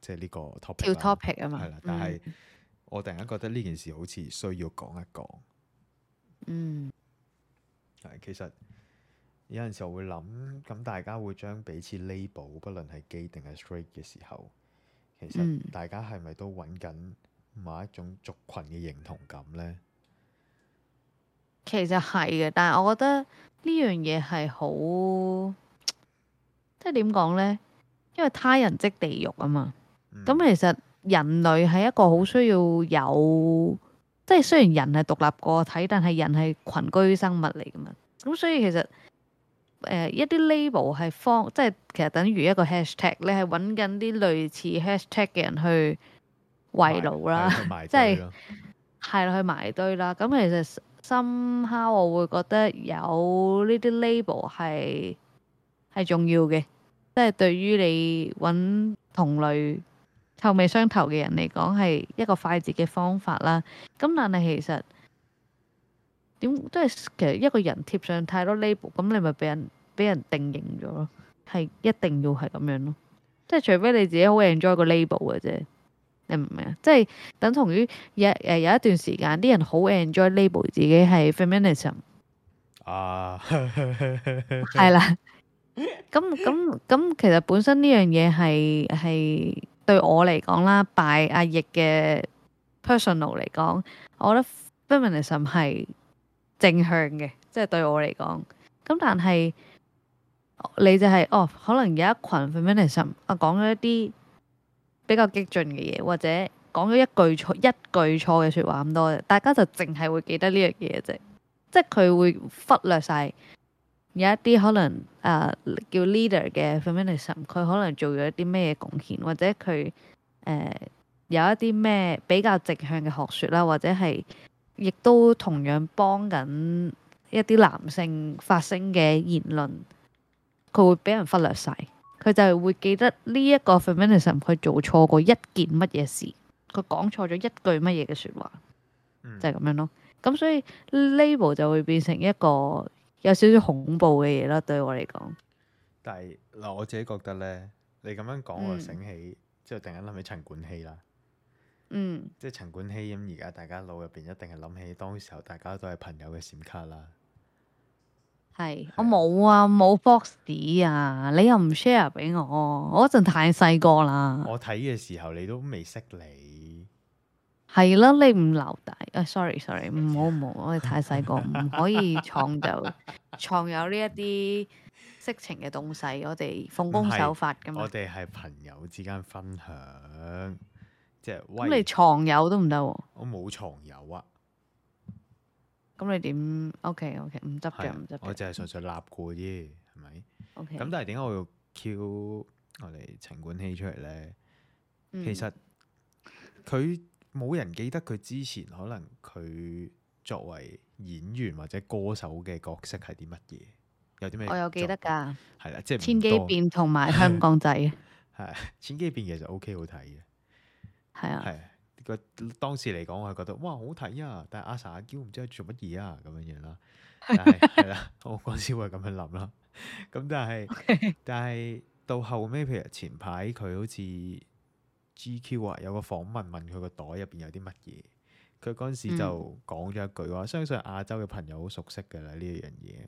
即係呢個 topic 叫 topic 啊嘛，係啦。但係我突然間覺得呢件事好似需要講一講。嗯，係其實有陣時候會諗，咁大家會將彼此 label，不論係 gay 定係 straight 嘅時候，其實大家係咪都揾緊某一種族群嘅認同感咧？嗯、其實係嘅，但係我覺得呢樣嘢係好即係點講咧，因為他人即地獄啊嘛。咁、嗯、其實人類係一個好需要有，即、就、係、是、雖然人係獨立個體，但係人係群居生物嚟噶嘛。咁所以其實誒、呃、一啲 label 係方，即、就、係、是、其實等於一個 hashtag，你係搵緊啲類似 hashtag 嘅人去圍爐啦，即係係咯去埋堆啦。咁 (laughs) 其實 somehow 我會覺得有呢啲 label 係係重要嘅，即、就、係、是、對於你搵同類臭味相投嘅人嚟講係一個快捷嘅方法啦。咁但係其實點都係，其實一個人貼上太多 label，咁你咪俾人俾人定型咗咯。係一定要係咁樣咯。即係除非你自己好 enjoy 個 label 嘅啫，你明唔明啊？即係等同於有誒有，有一段時間啲人好 enjoy label 自己係 feminism。啊，係 (laughs) (laughs) 對啦。咁咁咁，其實本身呢樣嘢係係。對我嚟講啦，拜阿易嘅 personal 嚟講，我覺得 feminism 係正向嘅，即係對我嚟講。咁但係你就係哦，可能有一群 feminism 啊，講咗一啲比較激進嘅嘢，或者講咗一句錯一句錯嘅説話咁多嘅，大家就淨係會記得呢樣嘢啫，即係佢會忽略晒。有一啲可能誒、呃、叫 leader 嘅 feminism，佢可能做咗一啲咩嘢貢獻，或者佢誒、呃、有一啲咩比較直向嘅學說啦，或者係亦都同樣幫緊一啲男性發聲嘅言論，佢會俾人忽略晒，佢就係會記得呢一個 feminism，佢做錯過一件乜嘢事，佢講錯咗一句乜嘢嘅說話，就係、是、咁樣咯。咁、嗯、所以 label 就會變成一個。有少少恐怖嘅嘢啦，對我嚟講。但係嗱，我自己覺得咧，你咁樣講，我醒起，之後、嗯、突然間諗起陳冠希啦。嗯。即係陳冠希咁，而家大家腦入邊一定係諗起當時候大家都係朋友嘅閃卡啦。係是，是我冇啊，冇 boxy 啊，你又唔 share 俾我，我嗰陣太細個啦。我睇嘅時候，你都未識你。係囉，你唔留底。誒，sorry，sorry，唔好唔好，我哋太細個，唔可以創作創有呢一啲色情嘅東西。我哋奉公守法㗎嘛。我哋係朋友之間分享，即係咁。你藏有都唔得喎。我冇藏有啊。咁你點？OK，OK，唔執着，唔執着。我淨係純粹立過啫，係咪？OK。咁但係點解我要 cue 我哋陳冠希出嚟咧？其實佢。冇人記得佢之前可能佢作為演員或者歌手嘅角色係啲乜嘢，有啲咩？我有記得㗎，係啦，即係千機變同埋香港仔。係千機變其實 O K 好睇嘅，係啊的，係個當時嚟講我係覺得哇好睇啊，但係阿 S a 阿嬌唔知係做乜嘢啊咁樣樣啦，係啦， (laughs) 我嗰時會係咁樣諗啦，咁但係 Okay. 但係到後尾，譬如前排佢好似。GQ 啊，有個訪問問佢個袋入邊有啲乜嘢，佢嗰陣時就講咗一句話：嗯、相信亞洲嘅朋友好熟悉㗎喇呢一樣嘢。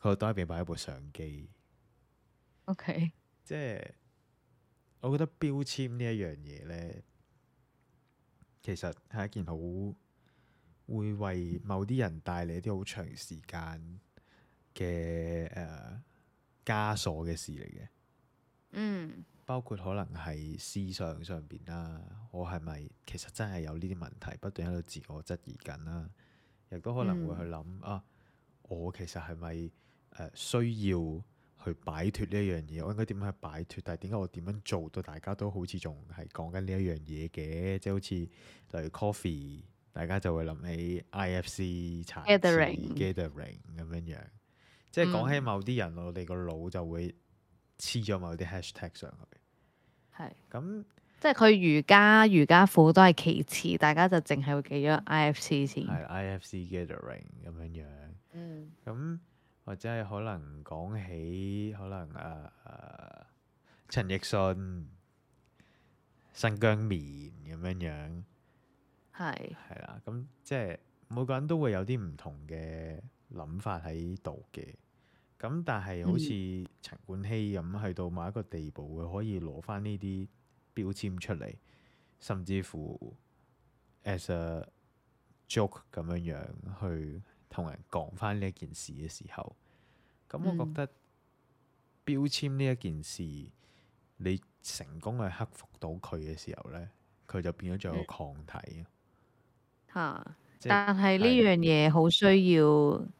佢、個、袋入邊擺一部相機。OK，即係我覺得標籤呢一樣嘢咧，其實係一件好會為某啲人帶嚟一啲好長時間嘅誒、呃、枷鎖嘅事嚟嘅。嗯。包括可能係思想上邊啦，我係咪其實真係有呢啲問題，不斷喺度自我質疑緊啦，亦都可能會去諗、嗯、啊，我其實係咪誒需要去擺脫呢一樣嘢？我應該點樣去擺脫？但係點解我點樣做到大家都好似仲係講緊呢一樣嘢嘅？即係好似例如 coffee，大家就會諗起 IFC 茶，gathering，gathering 咁樣樣，即係講起某啲人，我哋個腦就會黐咗某啲 hashtag 上去，係咁是那即係佢瑜伽瑜伽褲都係其次，大家就淨係會記咗 IFC 先。係 IFC gathering 咁樣樣，嗯，咁或者係可能講起可能啊、呃呃、陳奕迅新疆棉咁樣樣，係係是啦，咁即係每個人都會有啲唔同嘅諗法喺度嘅。咁但係好似陳冠希咁，去、嗯、到某一個地步，佢可以攞翻呢啲標籤出嚟，甚至乎 as a joke 咁樣樣去同人講翻呢一件事嘅時候，咁我覺得標籤呢一件事，嗯、你成功去克服到佢嘅時候咧，佢就變咗做一個抗體。嚇、嗯！但係呢樣嘢好需要。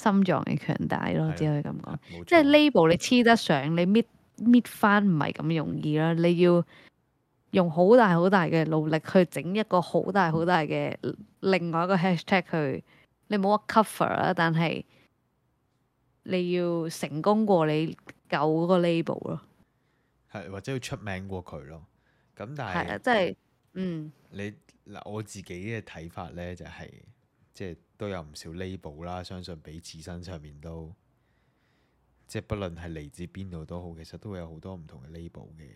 心臟嘅強大咯，的只可以咁講。錯即係 label 你黐得上，你搣搣翻唔係咁容易啦。你要用好大好大嘅努力去整一個好大好大嘅另外一個 hashtag 去，你冇話 cover 啦。但係你要成功過你舊嗰個 label 咯，係或者要出名過佢咯。咁但係，即係、就係、嗯，你嗱我自己嘅睇法咧、就係，就係即係。都有唔少 label 啦，相信彼此身上面都，即係不論係嚟自邊度都好，其實都會有好多唔同嘅 label 嘅。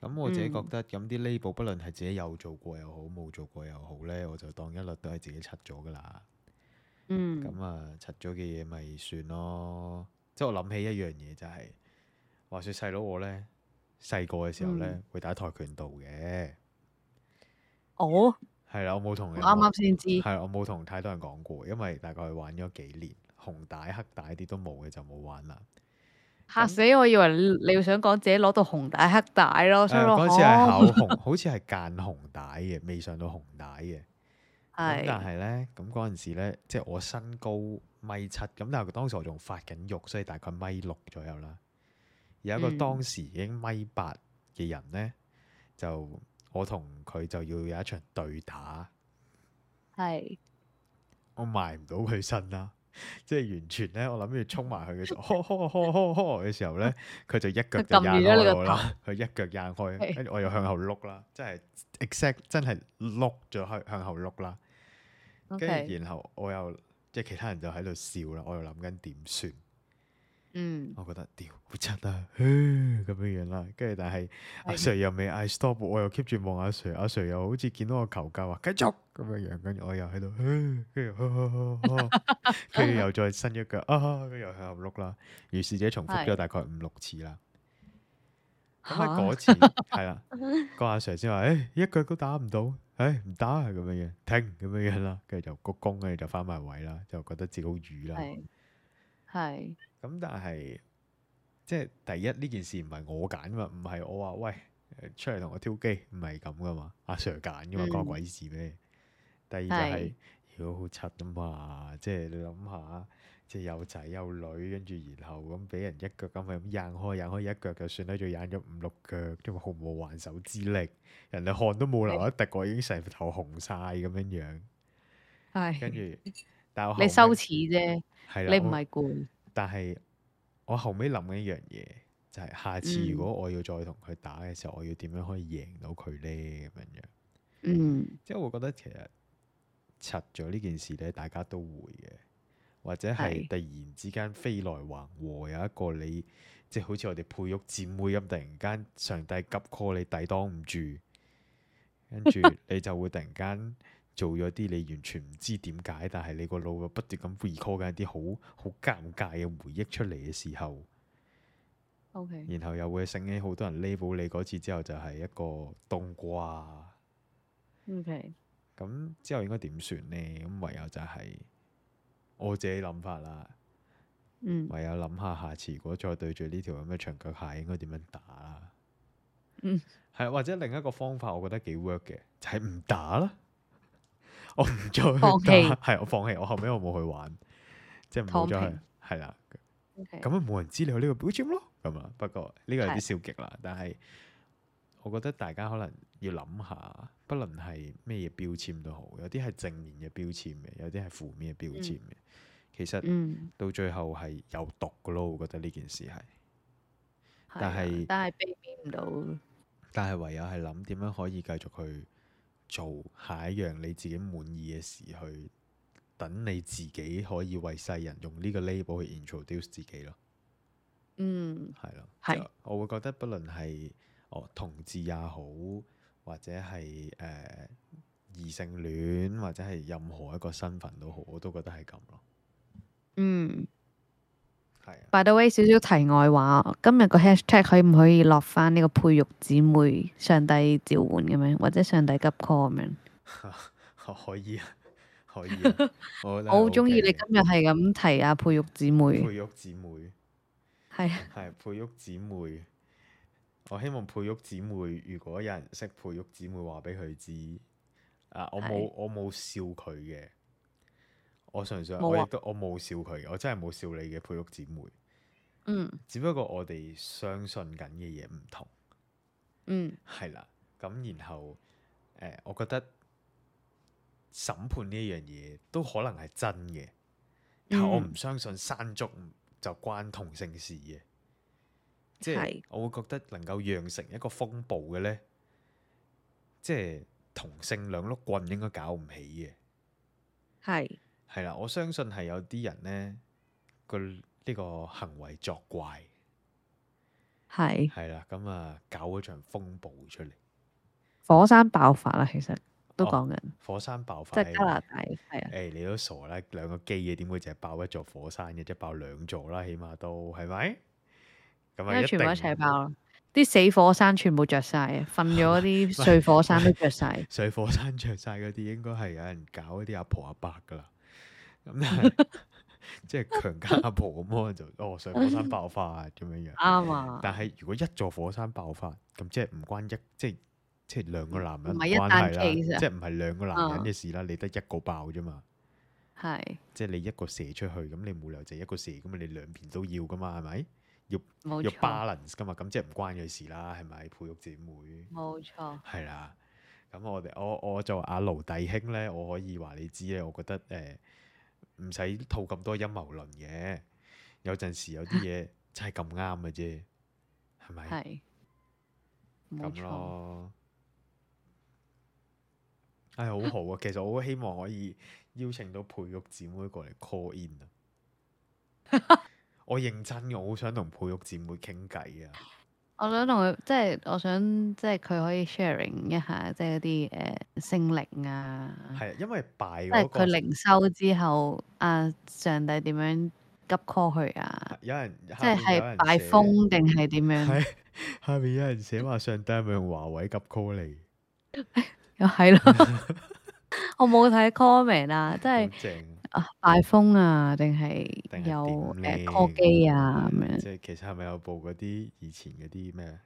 咁我自己覺得，咁啲、嗯、label 不論係自己有做過又好，冇做過又好呢，我就當一律都係自己拆咗噶啦。嗯。咁啊，拆咗嘅嘢咪算咯。即係我諗起一樣嘢就係、是，話說細佬我呢，細個嘅時候呢，嗯、會打跆拳道嘅。哦。係啦，我冇同你。我啱啱先知。係啦，我冇同太多人講過，因為大概玩咗幾年，紅帶黑帶啲都冇嘅，就冇玩啦。嚇死我！那我以為你要想講自己攞到紅帶黑帶咯。嗰次係考紅， (laughs) 好似係間紅帶嘅，未上到紅帶嘅。係的。嗯嗯、但係咧，咁嗰陣時咧，即係我身高米七，咁但係當時我仲發緊肉，所以大概米六左右啦。有一個當時已經米八嘅人咧，就、嗯。嗯我同佢就要有一場對打，係是我埋唔到佢身啦，即係完全咧，我諗住衝埋佢嘅時候，嘅 (laughs) 時候咧，佢 (laughs) 就一腳就壓開我啦，佢一腳壓開，跟住是我又向後碌啦，即係 exact 真係碌咗開向後碌啦，跟住 (laughs) 然，然後我又即係其他人就喺度笑啦，我又諗緊點算。嗯，我覺得屌，好真啦，咁樣樣啦，跟住但係阿 Sir 又未嗌 stop，我又 keep 住望阿 Sir，阿 Sir 又好似見到我求救啊，繼續咁樣樣，跟住我又喺度，跟住又再伸一腳啊，跟住又喺後碌啦，如是者重複咗大概五六次啦，咁啊嗰次係啦，個阿 Sir 先話，誒一腳都打唔到，誒唔打，係咁樣樣，停咁樣樣啦，跟住就鞠躬，跟住就翻埋位啦，就覺得自己好瘀啦，係。咁但係，即係第一呢件事唔係我揀噶嘛，唔係我話喂出嚟同我挑機，唔係咁噶嘛。阿 Sir 揀噶嘛，個鬼事咩？第二就係如果好柒啊嘛，即係你諗下，即係有仔有女，跟住然後咁俾人一腳咁樣，咁硬開硬開，一腳就算啦，仲硬咗五六腳，仲毫冇還手之力，人哋汗都冇流一滴，我已經成頭紅晒咁樣樣。係跟住，但係你羞恥啫，你唔係攰。但係我後尾諗嘅一樣嘢，就係、是、下次如果我要再同佢打嘅時候，嗯、我要點樣可以贏到佢呢？咁樣？嗯，即係、嗯、我覺得其實，柒咗呢件事咧，大家都會嘅，或者係突然之間飛來橫禍，有一個你，即係是好似我哋佩玉姊妹咁，突然間上帝急 call 你，抵擋唔住，跟住你就會突然間。 (laughs) 做咗啲你完全唔知點解，但係你個腦又不斷咁 recall 緊啲好好尷尬嘅回憶出嚟嘅時候 Okay. 然後又會醒起好多人 label 你嗰次之後就係一個冬瓜，OK，咁之後應該點算呢？咁唯有就係我自己諗法啦，嗯、唯有諗下下次如果再對住呢條咁嘅長腳蟹，應該點樣打？嗯，係或者另一個方法，我覺得幾 work 嘅，就係、是、唔打啦。我唔再放係棄我放棄，我後尾我冇去玩，即係唔好再去。係啦。咁啊，冇人知你有呢個標籤咯。咁啊，不過呢個有啲消極啦。的但係我覺得大家可能要諗下，不論係咩嘢標籤都好，有啲係正面嘅標籤嘅，有啲係負面嘅標籤嘅。嗯、其實、嗯、到最後係有毒噶咯，我覺得呢件事係。的但係是，但係避免唔到。但係唯有係諗點樣可以繼續去。做下一樣你自己滿意嘅事去，去等你自己可以為世人用呢個 label 去 introduce 自己咯。嗯，係咯啦，係是。我會覺得，不論係哦同志也好，或者係誒、呃、異性戀，或者係任何一個身份都好，我都覺得係咁咯。嗯。By the way，mm hmm. 少少題外話，今日個 hashtag 可以唔可以落翻呢個佩玉姊妹上帝召喚咁咩？或者上帝急 call 咁樣？ (laughs) 可以啊，可以啊， (laughs) 我好中意你今日係咁提阿、啊、佩玉姊妹。佩玉姊妹，係啊， (laughs) 係佩玉姊妹。我希望佩玉姊妹，如果有人識佩玉姊妹，話俾佢知。啊是，我冇我冇笑佢嘅。我純粹，啊、我亦都我冇笑佢，我真係冇笑你嘅佩玉姊妹。嗯，只不過我哋相信緊嘅嘢唔同。嗯，係啦。咁然後，誒、呃，我覺得審判呢一樣嘢都可能係真嘅，但係我唔相信山竹就關同性事嘅。即係我會覺得能夠釀成一個風暴嘅呢，即係同性兩碌棍應該搞唔起嘅。係。係啦，我相信係有啲人咧個呢、這個行為作怪，係係啦，咁啊、嗯、搞嗰場風暴出嚟，哦，火山爆發啦，其實都講緊火山爆發，即係加拿大係啊、哎。你都傻啦，兩個機嘅點會淨係爆一座火山嘅？即係的爆兩座啦，起碼都係咪？咁啊，因為全部一齊爆咯，啲、嗯、有死火山全部着晒，瞓咗啲碎火山都着晒，碎 (laughs) (laughs) 火山着晒嗰啲，應該係有人搞嗰啲阿婆阿伯噶啦。咁即係強姦阿婆咁可能就哦上火山爆發咁樣樣。啱、嗯嗯、但係如果一座火山爆發，咁即係唔關一、就是、即係即係兩個男人關係啦，即係唔係兩個男人嘅事啦，嗯、你得一個爆啫嘛。係是。即係你一個射出去，咁你冇理由就一個射，咁你兩邊都要噶嘛，係咪？要錯要 balance 噶嘛，咁即係唔關佢事啦，係咪？佩玉姊妹。冇錯錯。係啦，咁我哋我我就阿盧弟兄咧，我可以話你知咧，我覺得誒。唔使套咁多陰謀論嘅，有陣時有啲嘢真係咁啱嘅啫，係咪 (laughs) 吧？係，咁咯。唉、哎，好好啊，其實我好希望可以邀請到佩玉姊妹過嚟 call in 啊！ (laughs) 我認真嘅，我好想同佩玉姊妹傾偈啊！我想同佢即係，我想即係佢可以 sharing 一下，即係嗰啲誒聖靈啊。係，因為拜佢、嗰個靈修之後，啊上帝點樣急 call 佢啊？有人，有人即係係拜風定係點樣？下面有人寫話上帝咪用華為急 call 你？ (laughs) 又係咯了， (laughs) (laughs) 我冇睇 comment 啊，真係。啊，iPhone 啊，定係有誒，柯基啊，咁樣。即係其實係咪有部嗰啲以前嗰啲咩？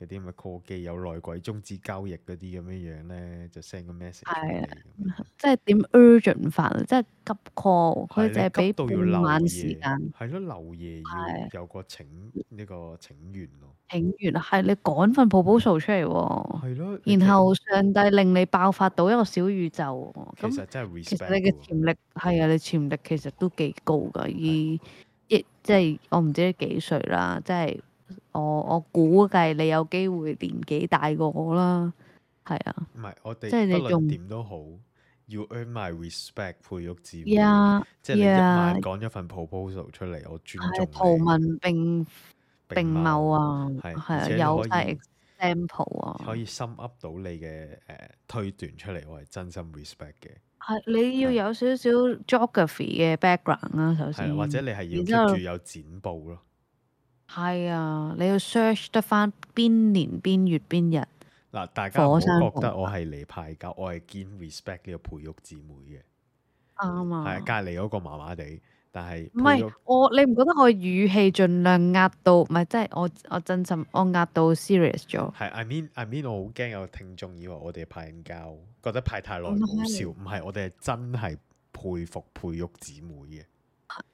嗰啲咁嘅 call 機，有內鬼中止交易嗰啲咁嘅樣咧，就 send 個 message。係即係點 urgent 法？即係急 call，佢就係俾半晚時間。係咯，留夜要有個請呢的個請願咯。請願係你趕份 proposal 出嚟喎。係咯。然後上帝令你爆發到一個小宇宙。其實真係 respect 你嘅潛力係啊、嗯，你潛力其實都幾高噶，而亦的即係我唔知你幾歲啦，即係。即我我估計你有機會年紀大過我啦，係啊，唔係我哋即係你無論點都好，要 earn my respect，培育資源，呀呀，講咗份 proposal 出嚟，我尊重你，圖文並並茂啊，係係啊，有係 example 啊，可以 sum up 到你嘅誒推斷出嚟，我係真心 respect 嘅，係你要有少少 geography 嘅 background 啦，首先，係或者你係要 keep 住有展布咯。係啊，你要 search 得翻邊年邊月邊日。嗱，大家覺得我係嚟派教， (music) 我係堅 respect 呢個培育姊妹嘅。啱啊吧。係隔離嗰個麻麻地，但係唔係我你唔覺得我語氣盡量壓到？唔係即係我我真心我壓到 serious 咗。係，I mean I mean 我好驚有聽眾以為我哋係派教，覺得派太耐冇笑。唔係，我哋係真係佩服培育姊妹嘅。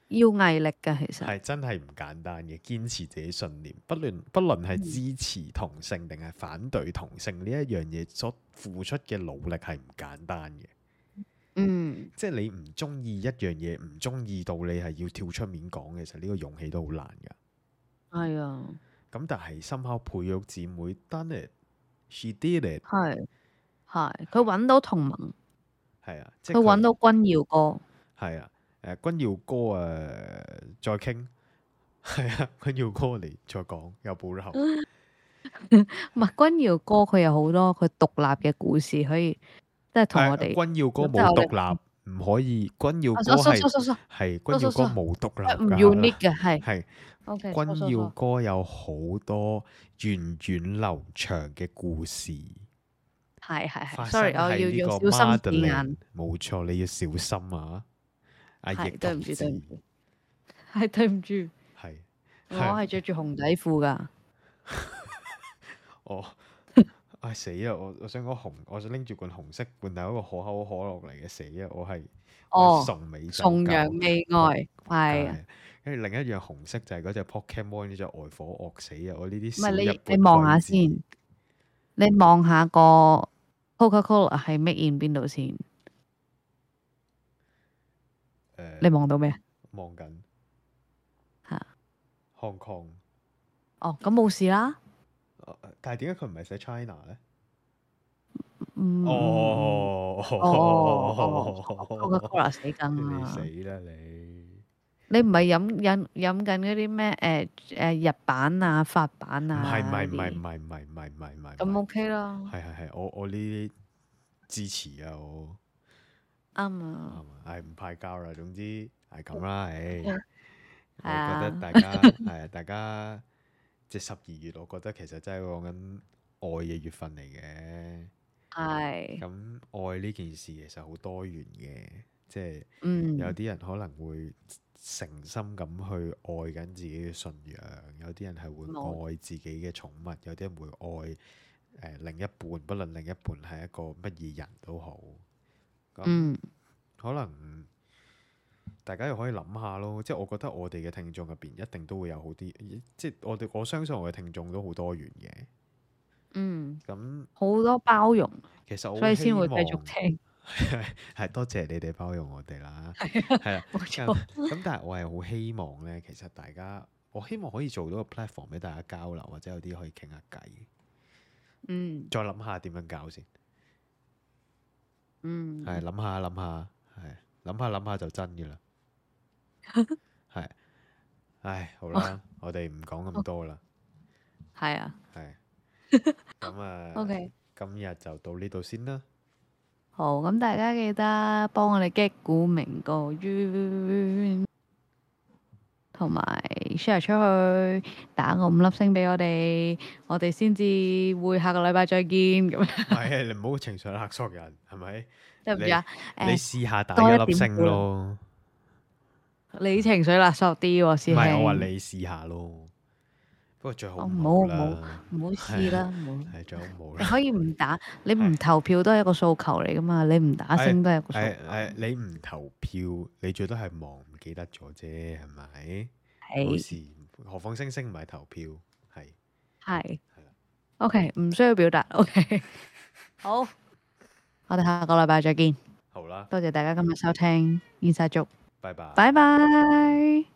要毅力㗎，其實係真係唔簡單嘅。堅持自己信念，不論不論係支持同性定係反對同性呢、嗯、一樣嘢，所付出嘅努力係唔簡單嘅。嗯，即係你唔中意一樣嘢，唔中意到你係要跳出面講嘅，其實呢個勇氣都好難噶。係啊，咁、嗯、但係深刻佩玉姊妹，但係 she did it，係係佢揾到同盟，係啊，佢揾到君堯哥，係啊。誒，君堯哥誒，再傾係啊，君堯哥嚟再講又保留，唔係君堯哥佢有好多佢獨立嘅故事，可以即係同我哋君堯哥冇獨立，唔可以君堯哥係君堯哥冇獨立嘅，唔 unique 嘅係係，O.K. 君堯哥有好多源遠流長嘅故事，係係係，sorry，我要要小心點眼，冇錯，你要小心啊！係對唔住，對唔住，係對唔住。係我係着住紅底褲噶。 (laughs) 哦，哎死啦！我我想講紅，我想拎住罐紅色罐頭，一個可口可樂嚟嘅死啊！我係哦崇美哦崇洋媚外係。跟住的另一樣紅色就係嗰隻 Pokémon 呢隻外火惡死啊！我呢啲唔係你，你望下先，你望下個 Coca Cola 係 made in 邊度先？你望到咩？望緊吓，Hong Kong 哦，咁冇事啦。但係點解佢唔係寫 China 咧？哦哦哦哦哦 Congo 死梗死啦你！你唔係飲飲飲緊嗰啲咩？誒誒，日版啊，法版啊，係係係係係係係係係，咁 OK 咯。係係係，我我呢啲支持啊我。啱啊！係唔派教啦，總之係咁啦，誒，我覺得大家係 (laughs) 大家即係十二月，我覺得其實真係講緊愛嘅月份嚟嘅。係。咁愛呢件事其實好多元嘅，即係有啲人可能會誠心咁去愛緊自己嘅信仰，有啲人係會愛自己嘅寵物，有啲人會愛誒另一半，不論另一半係一個乜嘢人都好。嗯，嗯，可能大家又可以諗下咯，即係我覺得我哋嘅聽眾入邊一定都會有好啲，即係我哋我相信我嘅聽眾都好多元嘅。嗯，咁好、嗯、多包容，其實我所以先會繼續聽，係 (laughs) 多謝你哋包容我哋啦。係 (laughs) 啊，咁 (laughs) (laughs) 但係我係好希望咧，其實大家我希望可以做到個 platform 俾大家交流，或者有啲可以傾下偈。嗯，再諗下點樣搞先。嗯，係諗下諗下，係諗下諗下就真嘅啦。係，唉，好啦，我哋唔講咁多啦。係啊，係，咁啊，OK，今日就到呢度先啦。好，咁大家記得幫我哋擊鼓鳴個冤。同埋 share 出去，打個五粒星俾我哋，我哋先至會下個禮拜再見咁。係啊是， (laughs) 你唔好情緒勒索人，係咪？得唔得啊？嗯、你試下打一粒星咯。你情緒勒索啲喎，師兄。唔係，我話你試下咯。我冇冇唔好試啦，冇係最好冇啦。你可以唔打，你唔投票都係一個訴求嚟噶嘛，你唔打聲都係一個訴求。係係你唔投票，你最多係忘唔記得咗啫，係咪？係。冇事，何況星星唔係投票，係係係啊。O K，唔需要表達。O K，好，我哋下個禮拜再見。好啦，多謝大家今日收聽，願晒足，拜拜，拜拜。